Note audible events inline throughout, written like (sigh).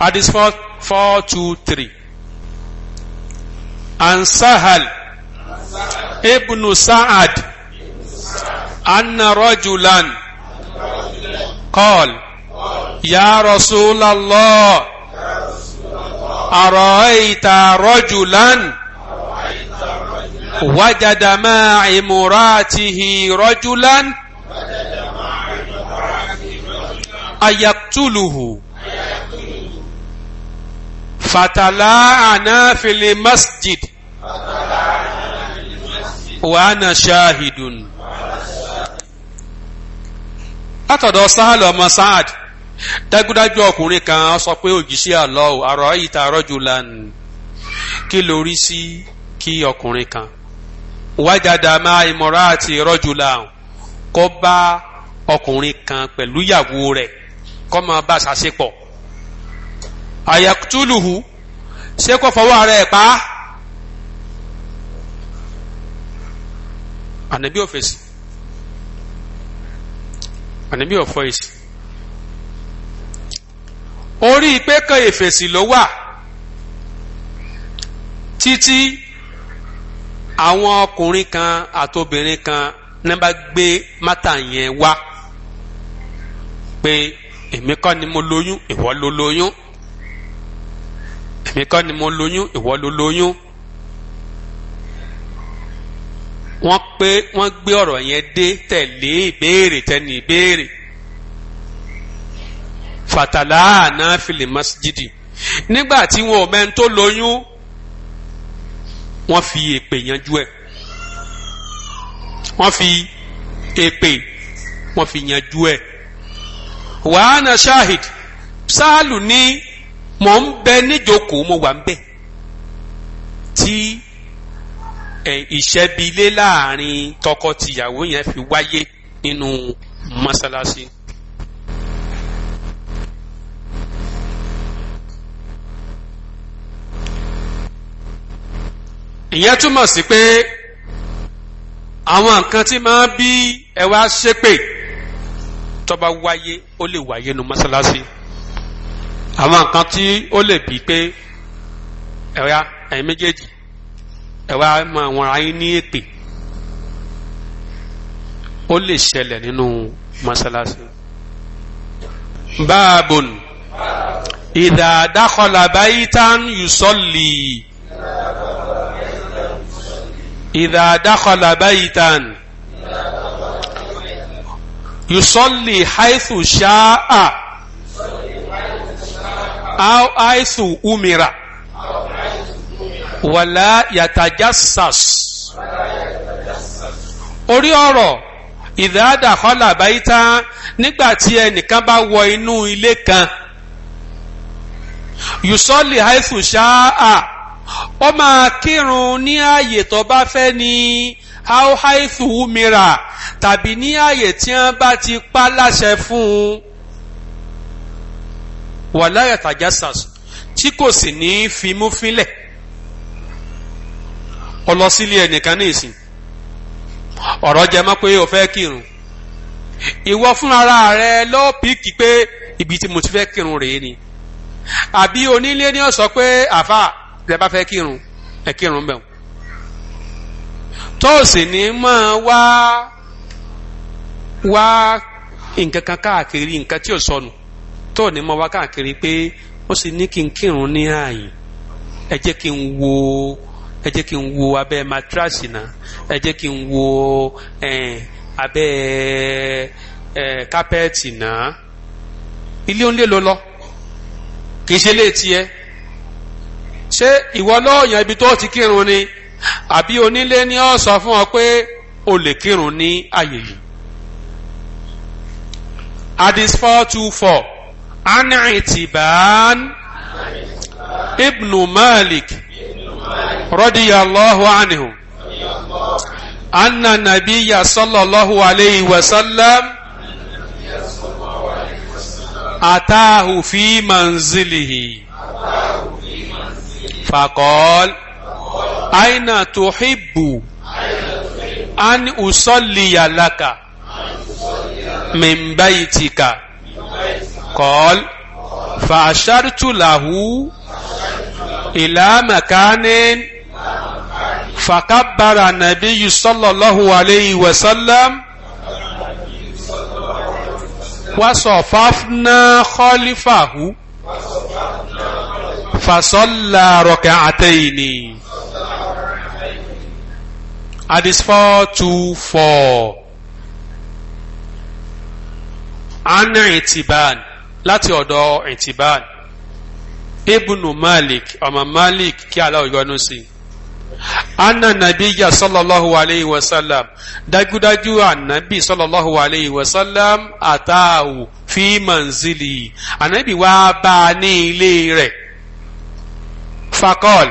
hadith four four two three an sahal ibnu sa'ad anna rajulan qal ya rasulallah araita rajulan وجد مع امراته رجلا أيقتله فتلاعنا في المسجد وأنا شاهد látọ̀dọ̀ sáàlù ọmọ sáàd dájúdájú ọkùnrin kan sọ pé òjíṣẹ́ àlọ́ àrọ̀ ìta rọ́jò lánàá kí lórí sí kí ọkùnrin kan wájàdá máa ìmọ̀ra àti rọ́jò lánàá kó bá ọkùnrin kan pẹ̀lú ìyàwó rẹ̀ kó máa bá ṣàṣepọ̀ àyàkútúlùhù ṣé kò fọwọ́ ara ẹ̀ pa á ànàbí ò fèsì ànàbí ò fọ èsì orí pé kan èfèsì ló wa títí àwọn ọkùnrin kan àtobìnrin kan ní bá gbé mátà yẹn wá pé èmi kọ́ ni mo lóyún ìwọ ló lóyún èmi kọ́ ni mo lóyún ìwọ ló lóyún wọ́n pé wọ́n gbé ọ̀rọ̀ yẹn dé tẹ̀lé ìbéèrè tẹ́ni ìbéèrè fatala ana fili masjidi nígbà tí wọn ò mẹ́ni tó lóyún wọ́n fi èpè yanjú ẹ̀ wọ́n fi èpè wọ́n fi yanjú ẹ̀ wàhánà shahid sáàlù ní mò ń bẹ níjókòó mo wà ń bẹ tí ìṣẹ́bilé láàrin tọkọ-tìyàwó yẹn fi wáyé nínú mọ́sálásí. ìyẹn túmọ̀ sí pé àwọn nǹkan tí máa bí ẹ wá ṣépè tó wáyé ó lè wáyé nu mọ́sálásí. No àwọn nǹkan tí ó lè bí pé ẹ̀rọ ẹ̀yin méjèèjì ẹ̀rọ àmọ́ àwọn ayé ní èpè ó lè ṣẹlẹ̀ nínú mọ́sálásí. báàbùn ìdá báyìí tán yùsọ̀lì ìdá báyìí tán yùsọ̀lì haythu ṣáà au aisu umira wala yatajassas orí ọ̀rọ̀ ìdáàdà kọ́là báyìíta nígbà tí ẹnìkan bá wọ inú ilé kan yusọ́lì haifu ṣáà ó máa kírun ní ààyè tó bá fẹ́ ní haifu umira tàbí ní ààyè tí wọ́n bá ti pa láṣẹ fún un wàlá yàtàjà sàs tí kò sì ní fimú fínlẹ̀ ọlọsílẹ̀ ẹnìkan ní ìsìn ọ̀rọ̀ jẹ mọ́ pé o fẹ́ kírun ìwọ fúnra rẹ lọ́ọ́ píkì pé ibi tí mo ti fẹ́ kírun rèé ni àbí onílé ni ó sọ pé àfa tẹ bá fẹ́ kírun ẹ kírun bẹ́ẹ̀ tó sì ní máa wá wá nǹkan kan káàkiri nǹkan tí ò sọnù tó ní mọ wá káàkiri pé ó sì ní kí n kírun ní ààyè ẹ jẹ́ kí n wo ẹ kí n wo abẹ́ matrasi náà ẹ jẹ́ kí n wo abẹ́ kápẹ́ẹ̀tì náà ilé oúnjẹ lọ kì í ṣe lè tiẹ̀ ṣé ìwọ lọ́ọ̀yàn ibi tó ti kírun ni àbí onílé ni sọ o lè kírun ní àyè yìí. Addis four عن عتبان ابن مالك رضي الله عنه أن النبي صلى الله عليه وسلم أتاه في منزله فقال أين تحب أن أصلي لك من بيتك قال فأشرت له إلى مكان فكبر النبي صلى الله عليه وسلم وصففنا خلفه فصلى ركعتين Hadith 424 عن عتبان láti ọ̀dọ̀ ìtìbáàn ibnu malik ọmọ malik kí Allah yọ́nú sí i anna nabiya sallallahu alayhi wa sallam dagudaju anabi sallallahu alayhi wa sallam ataahu fi manzili anabi wá bá a ní ilé rẹ̀ fakọl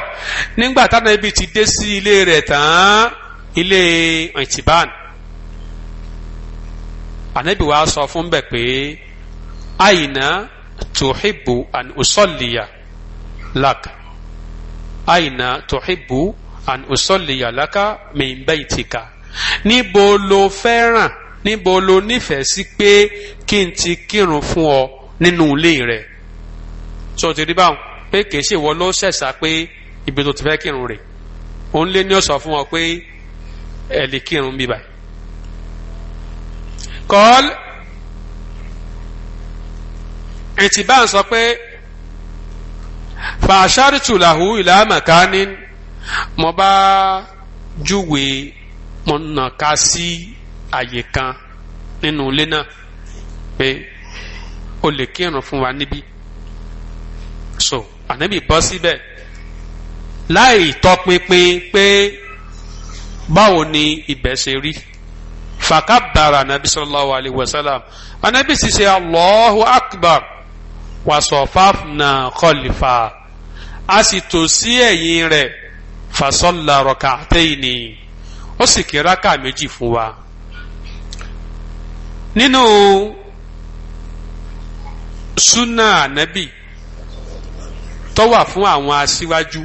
nígbà tánabi ti dé sí ilé rẹ̀ tán ilé ìtìbán anabi wá sọ fún bẹ pé. aina tuhibu an usalliya lak aina tuhibu an usalliya laka min baitika níbo lo fẹ́ràn níbo lo nífẹ̀ẹ́ sí pé kí n ti kírun fún ọ nínú ilé rẹ̀ sọ ti rí báwọn pé kì ṣe ìwọ ló ṣẹ̀ṣà pé ibi tó ti fẹ́ kírun rẹ̀ òun lé ní ọ̀sán fún ọ pé ẹ̀ lè kírun bíbáyìí ètì bá ń sọ pé fàṣàrìtù làhù ìlà màkání mo bá júwe mo nà ká sí àyè kan nínú ilé náà pé o lè kírun fún wa níbí so ànábì bọ́ síbẹ̀ láì tọpinpin pé báwo ni ibẹ̀ ṣe rí fàkàbàrà nàbí sallallahu alaihi wasallam ànábì sì ṣe Allahu akbar wasọfafna kọlifa a sì tò sí ẹ̀yìn rẹ̀ fasọlá rọkà tẹyìnì ó sì kí rákà méjì fún wa. nínú súnà ànábì tó wà fún àwọn aṣíwájú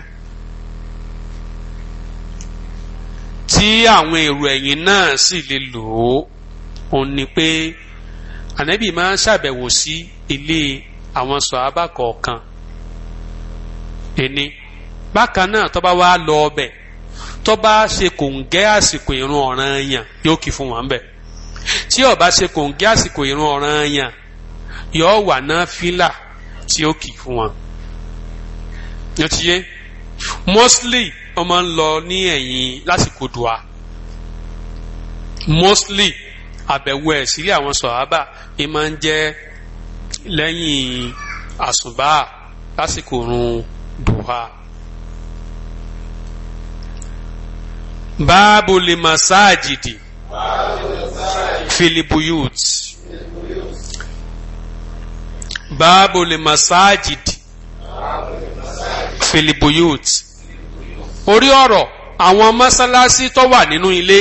tí àwọn èrò ẹ̀yìn náà sì lè lò ó òun ni pé ànábì máa ń ṣàbẹ̀wò sí ilé àwọn sọ̀hábà kọ̀ọ̀kan ẹni bákan náà tó bá wá lọ ọbẹ̀ tó bá ṣe kò ń gẹ́ àsìkò ìrun ọ̀ràn yàn yóò kì fún wọn bẹ̀ tí ó bá ṣe kò ń gẹ́ àsìkò ìrun ọ̀ràn yàn yóò wà náà fílà tí ó kì fún wọn. yóò yé mọ́sílì wọ́n ń lọ ní ẹ̀yìn lásìkò dùà mọ́sílì àbẹ̀wò ẹ̀ sílé àwọn sọ̀hábà ẹ máa ń jẹ́ lẹ́yìn àsùbá lásìkò oorun duha. báàbò lè masajidi filibuyut báàbò lè masajidi filibuyut orí ọ̀rọ̀ àwọn mọ́sálásí tó wà nínú ilé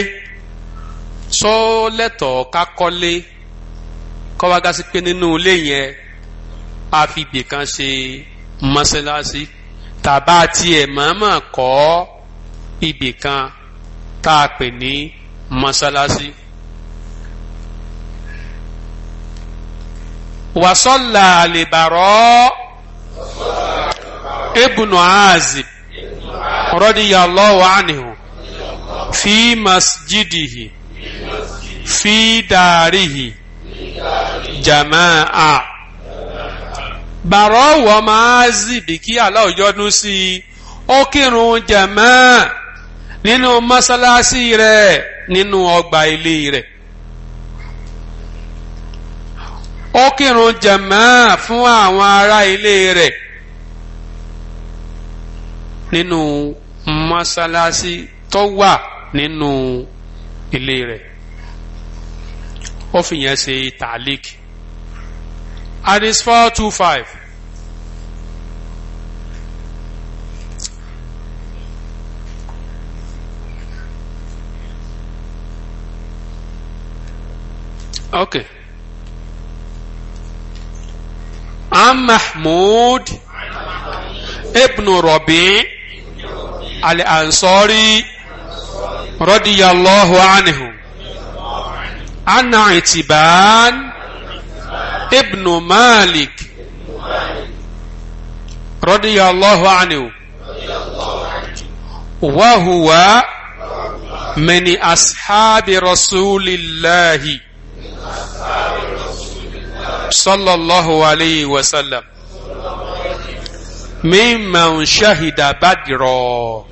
sọ lẹ́tọ̀ọ́ ká So kọ́wá gá sí pé nínú ilé yẹn a fi ibì kan ṣe mọ́ṣáláṣí tàbá tiẹ̀ mọ̀ọ́mọ̀ kọ́ ibì kan tá a pè ní mọ́ṣáláṣí. wàsọ́là àlèbàrọ́ ibùnú azib radiyallahu anhu fi masjidihi fi dàríhi. jamaa bàrọ̀ wọ́n máa zì bí kí Allah yọ́nú sí i ó kírun jamaa nínú mọ́sálásí rẹ̀ nínú ọgbà ilé rẹ̀ ó kírun jamaa fún àwọn ará ilé rẹ̀ nínú mọ́sálásí tó wà nínú ilé rẹ̀. ó fi yẹn ṣe tàlík hadith four two five. Okay. عن محمود ابن ربيع الأنصاري رضي الله عنه عن عتبان ابن مالك رضي الله عنه وهو من أصحاب رسول الله صلى الله عليه وسلم ممن شهد بدرا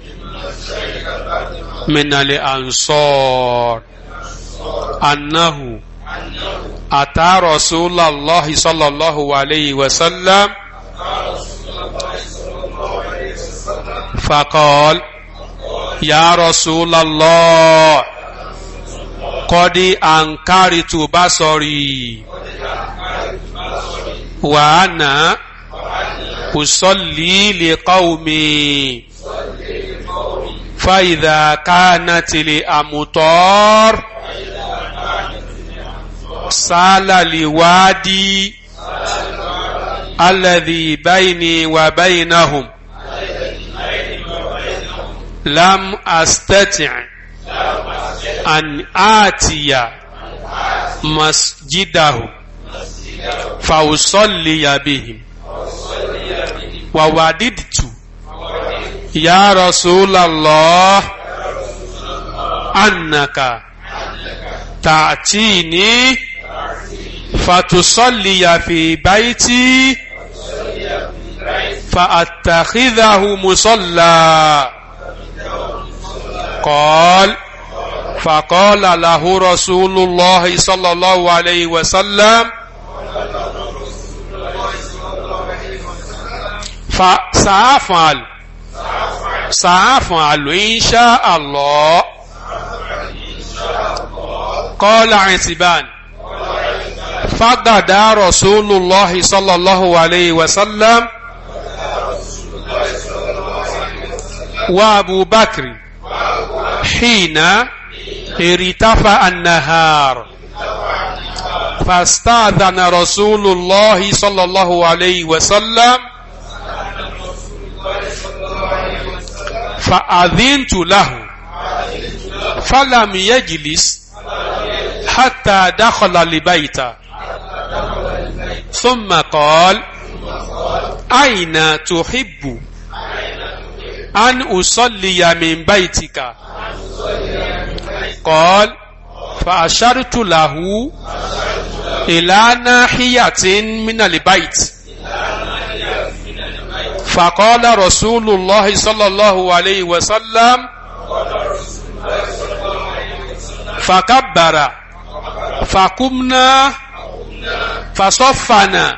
من الأنصار أنه أتى رسول الله صلى الله عليه وسلم فقال يا رسول الله قد أنكرت بصري وأنا أصلي لقومي فإذا كانت لأمطار sálàlì wáádìí alẹ́dì báyìí wà báyìí náà hùm lam astati an atiya masjidahu fausalliya bihim wa wadidtu ya rasulallah annaka ta'tini فتصلي في بيتي فأتخذه مصلى قال فقال له رسول الله صلى الله عليه وسلم فسأفعل سأفعل إن شاء الله قال عتبان فغدا رسول الله صلى الله عليه وسلم وابو بكر حين ارتفع النهار فاستاذن رسول الله صلى الله عليه وسلم فأذنت له فلم يجلس حتى دخل البيت ثم قال أين تحب أن أصلي من بيتك قال فأشرت له إلى ناحية من البيت فقال رسول الله صلى الله عليه وسلم فكبر فقمنا فصفنا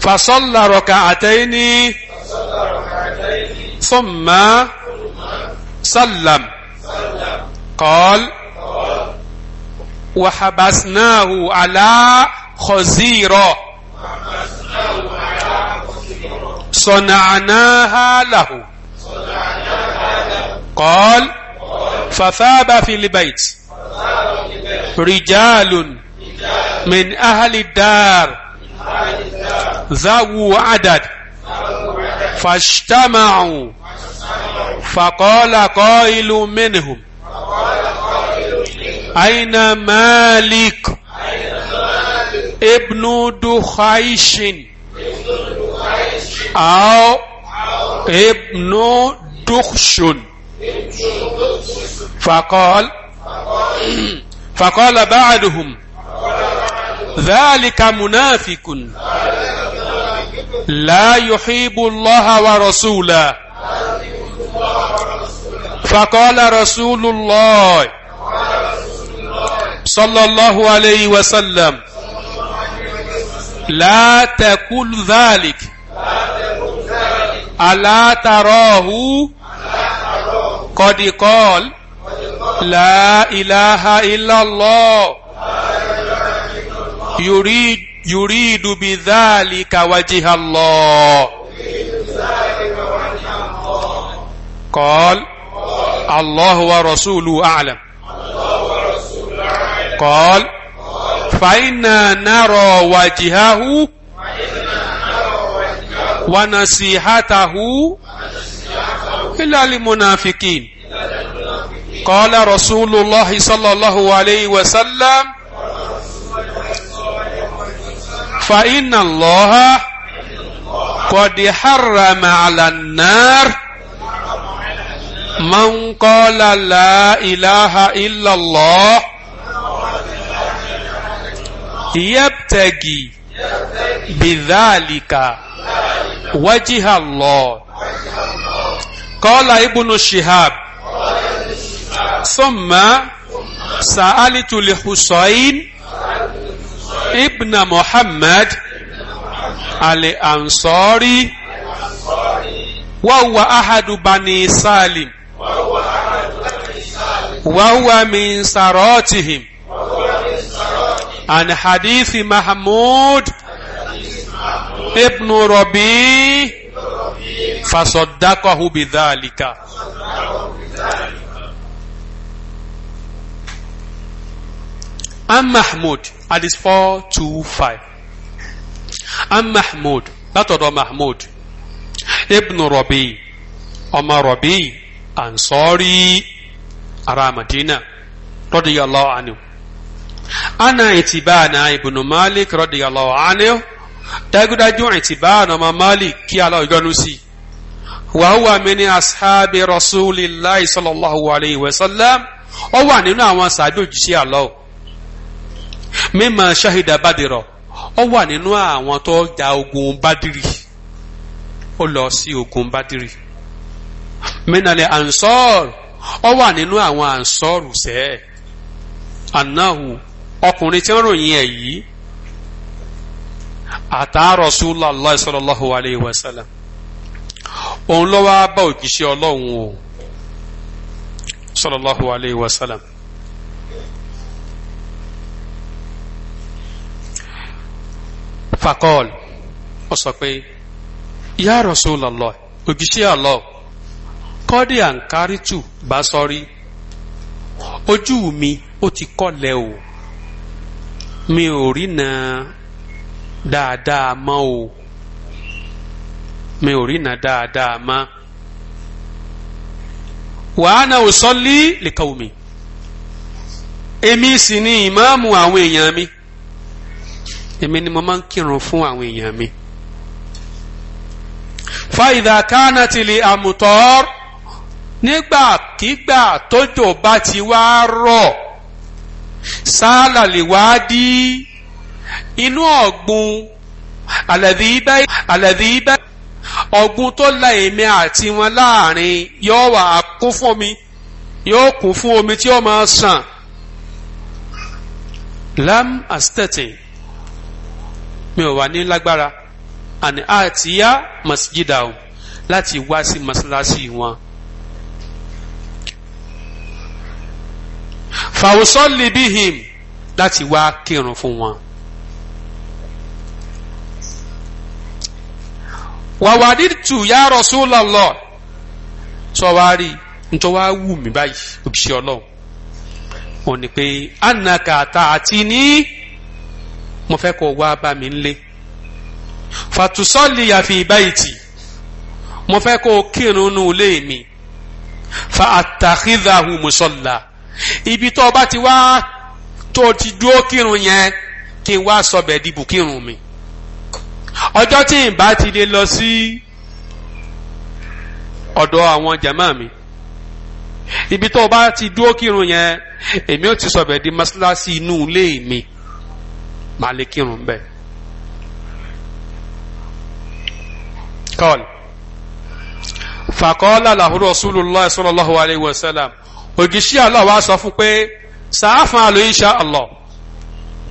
فصلى ركعتين ثم سلم قال وحبسناه على خزيرة صنعناها له قال فثاب في البيت رجال من أهل الدار ذو عدد فاجتمعوا فقال قائل منهم أين مالك ابن دخيش أو ابن دخش فقال فقال بعدهم ذلك منافق لا يحب الله ورسوله فقال رسول الله صلى الله عليه وسلم لا تقل ذلك ألا تراه قد قال لا إله إلا الله يريد يريد بذلك وجه الله قال الله ورسوله أعلم قال فإنا نرى وجهه ونصيحته إلا للمنافقين قال رسول الله صلى الله عليه وسلم فإن الله قد حرم على النار من قال لا إله إلا الله يبتغي بذلك وجه الله قال ابن الشهاب ثم سألت لحسين ibn muhammad ali ansori wa huwa ahadu bani salim wa huwa min saratihim an hadithi mahmud ibn rabi fasaddaqahu bidhalika. an mahmud hadith four two five an mahmud látọ̀dọ̀ mahmud ibn rabi ọmọ rabi ansori ara madina radiyallahu anhu ana itibana ibn malik radiyallahu anhu dagudaju itibana ọmọ malik kí aláwọ yọ́nú sí wàhùwà mi ni ashabi rasulillahi sallallahu alayhi wa sallam ó wà nínú àwọn sàbí òjíṣẹ́ aláwọ mímọ ṣahida badirọ ó wà nínú àwọn tó ja ogun badiri ó lọ sí ogun badiri mínàlẹ ansọr ó wà nínú àwọn ansọrù sẹ anahu ọkùnrin tí ń ròyìn ẹ yìí àtà Rasulullah sallallahu alayhi wa sallam òun ló wá bá òjíṣẹ́ Ọlọ́run o sallallahu alayhi wa fakọ́ọ̀lù sọ pé ya kọ́dí àǹkárítù bá sọrí ojú ti kọ́lẹ̀ o mi ò rí na o mi ò rí na dáadáa mọ́ èmi ni ìmáàmù àwọn èèyàn èmi ni mo máa ń kírun fún àwọn èèyàn mi. fàyìdà kánà ti lè àmùtọ́ nígbàkígbà tójò bá ti wá rọ̀ sáálà wá dí inú ọ̀gbun àlàdí bẹ́ẹ̀ ọ̀gbun tó la èmi àti wọn láàrin yóò wà kún fún omi yóò kún fún omi tí ó máa sàn lam aesthetic mi ò wá ní lágbára àní àtìyá masjida o láti wá sí masalasi wọn. fàwùsọ́lì bíhìm láti wá kírun fún wọn. wàwàdìtù ya Rasulullah sọwárì ntọ́ wá wù mí báyìí òbíṣẹ́ ọlọ́run wọn ni pé anaka ta àti ní. mo fẹ́ kó wá bá mi ńlé fatusọ́lì àfi ìbáyìtì mo fẹ́ kó kírun nù lé mi fa àtàkìdáhù mùsọ̀là ibi tó o bá ti wá tó o ti dúró kírun yẹn kí n wá sọbẹ̀ dìbò kírun mi ọjọ́ tí n bá ti lè lọ sí ọ̀dọ̀ àwọn jàmá mi ibi tó o bá ti dúró kírun yẹn èmi ò ti sọbẹ̀ di mọ́ṣáláṣí inú ilé mi màá lè kírun bẹ́ẹ̀. kọ́ọ̀lù fàkọ́ọ́lá làhùrọ̀ Rasulullah sallallahu alayhi wa sallam òjíṣẹ́ Allah wa sọ fún pé sàáfà àlọ́ insha Allah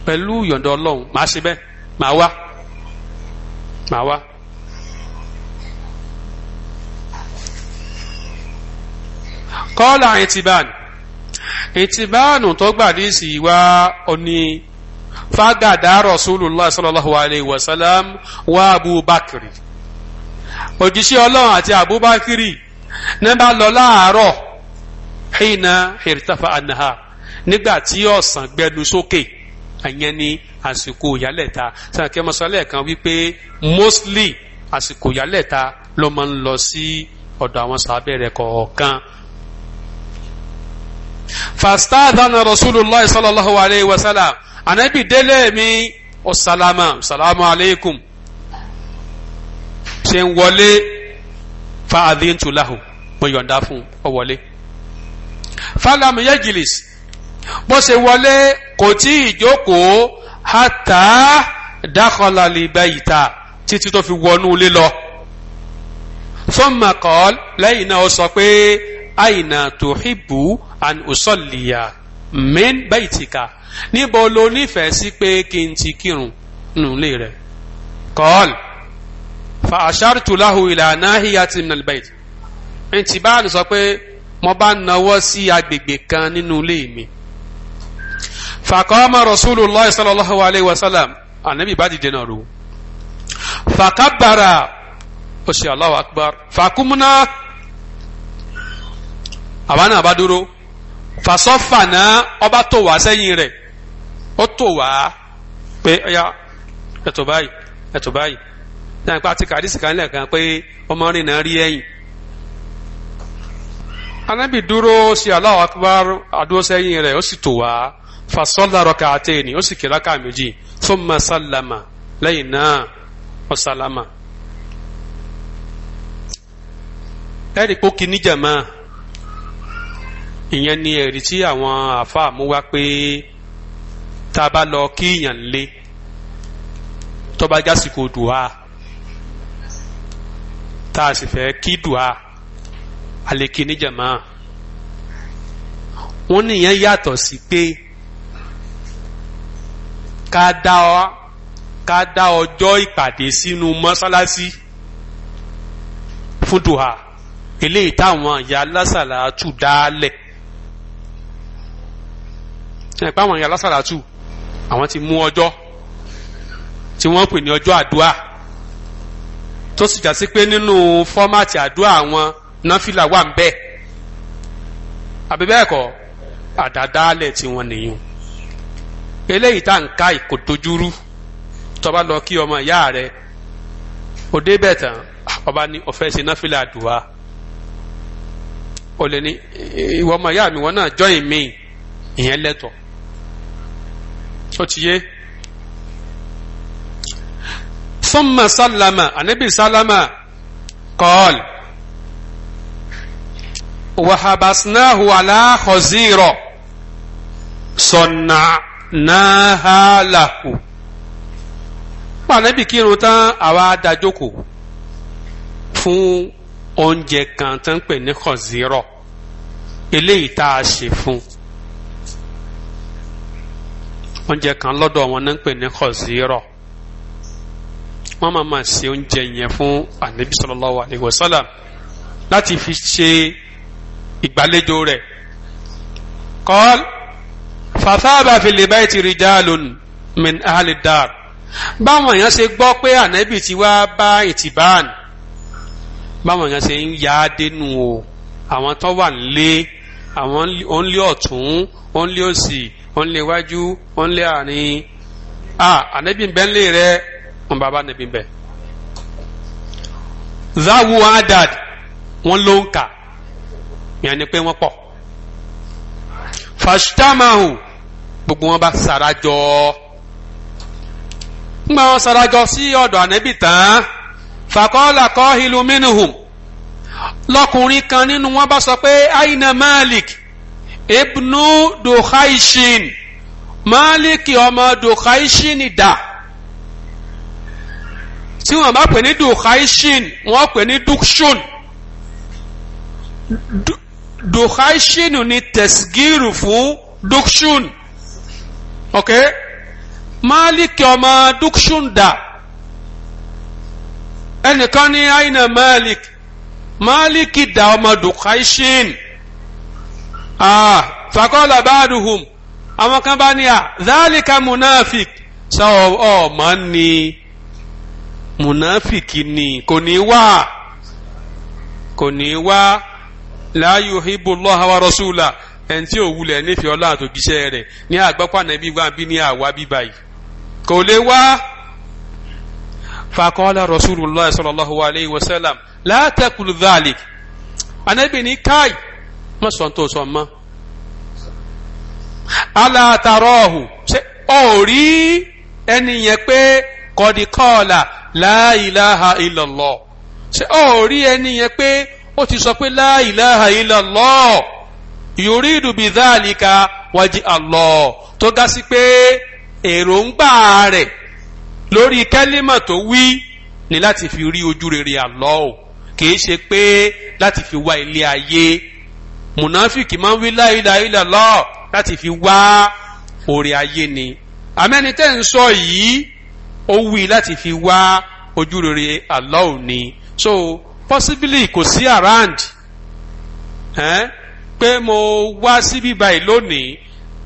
pẹ̀lú yọ̀ǹda ọlọ́run màá ṣe bẹ́ẹ̀ màá wá màá wá. kọ́ọ̀lù àìtìbáàni ìtìbáànù tó gbàdí sí wa ọ ní fagada rasulullah sallallahu alayhi wa sallam wa abubakar òjíṣẹ́ ọlọ́run àti abubakar nígbà lọ láàárọ̀ hina hirtafa anaha nígbà tí ọ̀sán gbẹnu sókè ẹ̀yẹn ni àsìkò ìyálẹ̀ta sànkẹ́ mọ́sálẹ̀ kan wípé mostly àsìkò ìyálẹ̀ta ló máa ń lọ sí ọ̀dọ̀ àwọn sàbẹ̀ rẹ̀ fastadana rasulullah sallallahu alayhi wa anabi délé mi ọ̀sálàmà salamu aleykum ṣe ń wọlé fa àdíntuláhùn mo yọ̀ǹda fún ọ wọlé falamu yejilis bó ṣe wọlé kò tí ì jókòó hàtà dákọ̀lá libẹ́ ìta títí tó fi wọnú ilé lọ fún makol lẹ́yìn náà ó sọ pé àyìnà tòhíbù and òsọ̀lìyà min baitika níbo lo nífẹ̀ẹ́ sí pé kí n ti kírun nùlé rẹ̀ kọ́ọ̀l fa ashartu lahu ila nahiyati min albayt ntì bá lè sọ pé mo bá nawọ́ sí agbègbè kan nínú ilé mi faqama rasulullah sallallahu alayhi wa sallam bá dìde náà ro fakabara ó ṣe Allahu akbar fakumuna àwa fasọ́fànà ọba tó wá sẹ́yìn rẹ̀ ó tó wá pé ọ̀yà ẹ̀tọ́ báyìí ẹ̀tọ́ báyìí náà nípa ti kàdísì kan lẹ́ẹ̀kan pé ọmọ rìn náà rí ẹ̀yìn. Anabi dúró sí Allahu rẹ̀ ó sì tó wá fasọ́lá rọ̀kà àtẹ̀yìn ó sì kí rákà méjì thumma sallama lẹ́yìn náà ó ìyẹn ni ẹ̀rí tí àwọn àáfàá mú wá pé tá a bá lọ kí èèyàn lé tó bá jásìkò dùhà tá a sì fẹ́ kí dùhà àlèkè níjàmá wọn nìyẹn yàtọ̀ sí pé ká dá ọjọ́ ìpàdé sínú mọ́sálásí fún dùhà eléyìí táwọn ìyá lásàlá tù dálẹ̀ ẹ pé àwọn èèyàn lásàlátù àwọn ti mú ọjọ́ tí wọ́n pè ní ọjọ́ àdúrà tó sì já sí pé nínú fọ́mátì àdúrà àwọn náfìlà wà ń bẹ̀ àbí bẹ́ẹ̀ kọ́ àdàdálẹ̀ tí wọ́n nìyẹn eléyìí tá n ká ìkòdójúrú tó bá lọ kí ọmọ ìyá rẹ òde bẹ́ẹ̀ tán ọba ní ọ̀fẹ́ ṣe náfìlà àdúrà ó ìwọ ọmọ ìyá mi wọn náà jọ́ ìmí ìyẹn lẹ́tọ̀ọ́ ó ti yé summa sálámà ànábì sálámà kọ́ọ̀lù wàhábàsínáhù aláhọ̀zírọ̀ sọ̀nànáhàlàhù pànábì kírun tán àwa dájókòó fún oúnjẹ kan tó pè ní kọ̀zírọ̀ eléyìí tá a ṣe fún un oúnjẹ kan lọ́dọ̀ wọn náà ń pè ní kọ̀síírọ̀ wọ́n máa ma ṣe oúnjẹ yẹn fún anabi sallallahu alayhi wa sallam láti fi ṣe ìgbàlejò rẹ̀ kọ́l fàfáàbà fil bayti rijalun min ahli dar báwọn èèyàn ṣe gbọ́ pé anabi ti wá bá ìtìbáàn báwọn èèyàn ṣe ń yá dénú o àwọn tó wà nílé àwọn ònlé ọ̀tún ònlé òsì òun lè wájú òun lè àárín a ànábì bẹ́ẹ̀ lè rẹ òun bàbá ànábì bẹ́ẹ̀. záwu adad wọn ló ń kà yẹn ni pé wọ́n pọ̀ fàṣítàmáhù gbogbo wọn bá sarajọ ńgbà wọn sarajọ sí ọ̀dọ̀ ànábì tán fàkọọlà kọ hilu minuhum lọkùnrin kan nínú wọn bá sọ pé aina malik ibnu dukhaishin maliki ọmọ dukhaishin dà tí wọ́n bá pè ní dukhaishin wọ́n pè ní dukshun dukhaishin ni tẹsgíru fún dukshun ok Maliki ọmọ dukshun dà ẹnìkan ní aina máàlìkì máàlìkì dà ọmọ dukhaishin. Ah, fàkọ́lá báàdùhùm àwọn kan bá ní à ah, zálìkà munafik sọ ọmọ ni munafik ni kò ní wá kò ní wá láàyò hibulọ́ hawa rọ́ṣúlà ẹni tí ò wulẹ̀ nífẹ̀ẹ́ ọlá àtòjíṣẹ́ rẹ̀ ní àgbápá nàbí wá bí ní àwa bíbá yìí kò lè wá fàkọ́lá rasulullah sallallahu alayhi wa sallam látẹ̀kùlù dhalik anábìíní káyì má sọ tó sọ mọ́ aláàtàrọ́ọ̀hù ṣé ọ rí ẹni yẹn pé kọ́díkọ́ọ̀là láìláha ìlọ̀lọ́ ṣé ọ rí ẹni yẹn pé ó ti sọ pé láìláha ìlọ̀lọ́ yuridu bidhalika wájú Allah tó ga sí pé èròǹgbà rẹ̀ lórí kẹ́límà tó wí ni láti fi rí ojú rere Allah o kì í ṣe pé láti fi wá ilé ayé mùnáfíkì máa ń wí láìláìlá lọ láti fi wá orí ayé ni àmẹ́ni tẹ́ ń sọ yìí ó wí láti fi wá ojúrere Allah ni so possibly kò sí around eh? pé mo wá síbí báyìí lónìí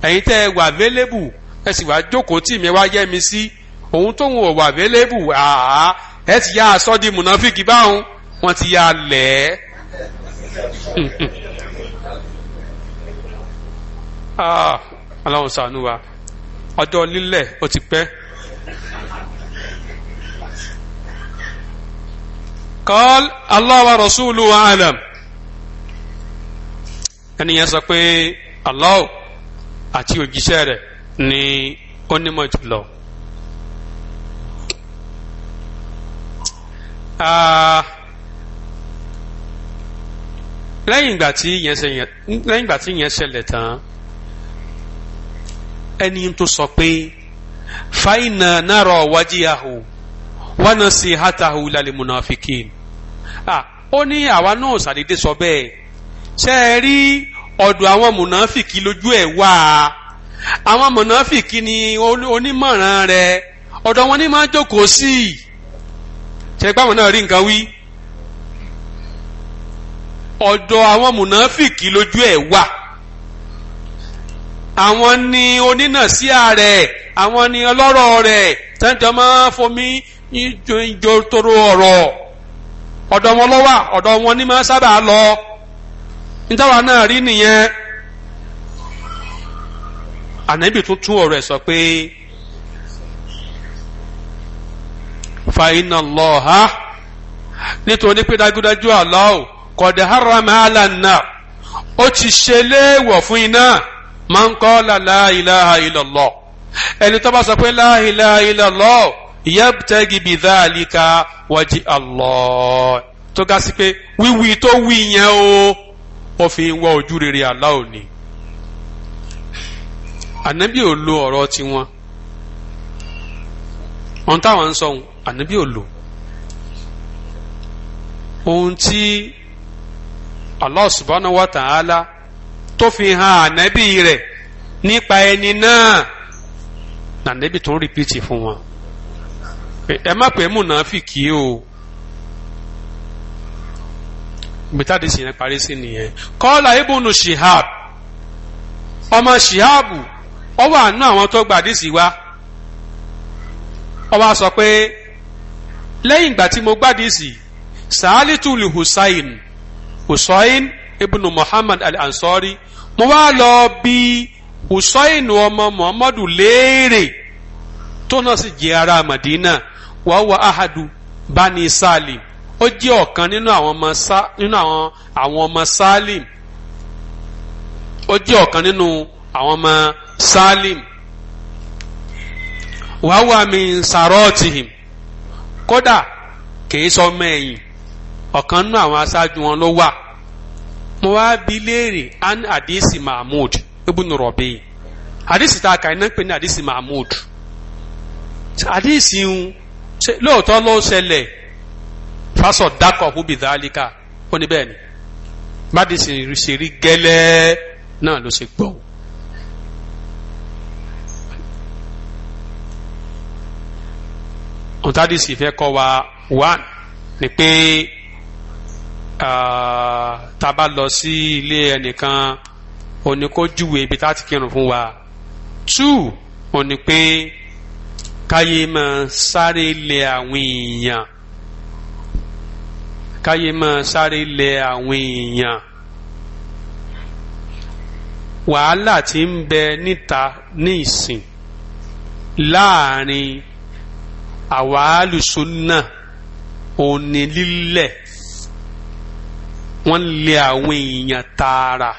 ẹ̀yin tẹ́ wà available ẹ sì wá jókòó tì mí wá yẹ́ mi sí òun tóun ò wà available àá ẹ ti yá aṣọ́ di mùnáfíkì báwọn wọ́n ti yá lẹ̀ ẹ́. (laughs) Ah, ọlọ́run ṣàánú wa ọjọ́ lílẹ̀ ó ti pẹ́. kọ́l Allah wa rasuluhu alam ẹnìyẹn sọ pé Allah àti òjíṣẹ́ rẹ̀ ni ó nímọ̀ jùlọ. Ah, lẹ́yìn ìgbà tí ìyẹn ṣẹlẹ̀ tán ẹni tó sọ pé fàyínà nàrọ wájíyàhù wánà sí hátàhù lálẹ́ munafikin ó ní àwa náà ṣàdédé sọ bẹ́ẹ̀ ṣe é rí ọ̀dọ̀ àwọn mùnàfìkì lójú ẹ̀ wá àwọn mùnàfìkì ni onímọ̀ràn rẹ. Ọdọ wọn ni máa jókòó sí i ṣe gbàgbọ́n náà rí nǹkan wí ọ̀dọ̀ àwọn lójú àwọn ni onínàsíà rẹ̀ àwọn ni ọlọ́rọ̀ rẹ̀ tẹ́jọ́ máa fomi ìjọ toro ọ̀rọ̀ ọ̀dọ̀ wọn lọ́wọ́ ọ̀dọ̀ wọn ni máa sábà lọ nítawà náà rí nìyẹn ànábì tún tún ọ̀rọ̀ ẹ̀ sọ pé fàyínà lọ́ha nítorí pé dájúdájú àlọ́ kọ̀dẹ̀ haram àlànà ó ti ṣe léèwọ̀ fún iná. man qala la ilaha illallah ẹni tó bá sọ pé la ilaha illallah yabtagi bidhalika wajhi Allah tó ga sí pé wíwí tó wí yẹn o ó fi wá ojú rere Allah òní ànábì ò lo ọ̀rọ̀ tiwọn ohun táwọn ń sọ ànábì ò lo ohun tí Allah subhanahu wa ta'ala. tó fi hàn ànábì rẹ̀ nípa ẹni náà ànábì tó ń rìpíìtì fún wọn ẹ má pè é mùnàfíkì o gbẹtàdé sì yẹn parí sí nìyẹn kọ́lá ibùnú shihab ọmọ shihab ọ wà nù àwọn tó gbàdí sí wa ọ sọ pé lẹ́yìn ìgbà tí mo gbàdí sí sàálìtù lù hùsáìn ibnu muhammad al-ansori mo wá lọ bí usainu ọmọ muhammadu léèrè tó náà sì jẹ́ ará madina wàá wà ahadu bani salim ó jẹ́ ọ̀kan nínú àwọn ọmọ sa nínú àwọn àwọn ọmọ salim ó jẹ́ ọ̀kan nínú àwọn ọmọ salim wàá wà mí sàrọ́ọ̀tìhìm kódà kì í sọ ọmọ ọ̀kan nínú àwọn aṣáájú wọn ló wà. mowa bilere an adisi mahmud ebu nuro be adisi ta ka nan pin adisi mahmud adisi un se lo to lo sele faso dako hu bi dalika oni be ni madisi risiri gele na lo si gbo on tadisi fe ko wa one ni pe tá a bá lọ sí ilé ẹnìkan ó ní kó júwe ibi tá a ti kírun fún wa two ó ní pé káyé máa sáré lẹ àwọn èèyàn káyé máa sáré lẹ àwọn èèyàn wàhálà tí ń bẹ níta ní ìsìn láàrin àwàálùsùn náà òní wọ́n lé àwọn èèyàn tààrà.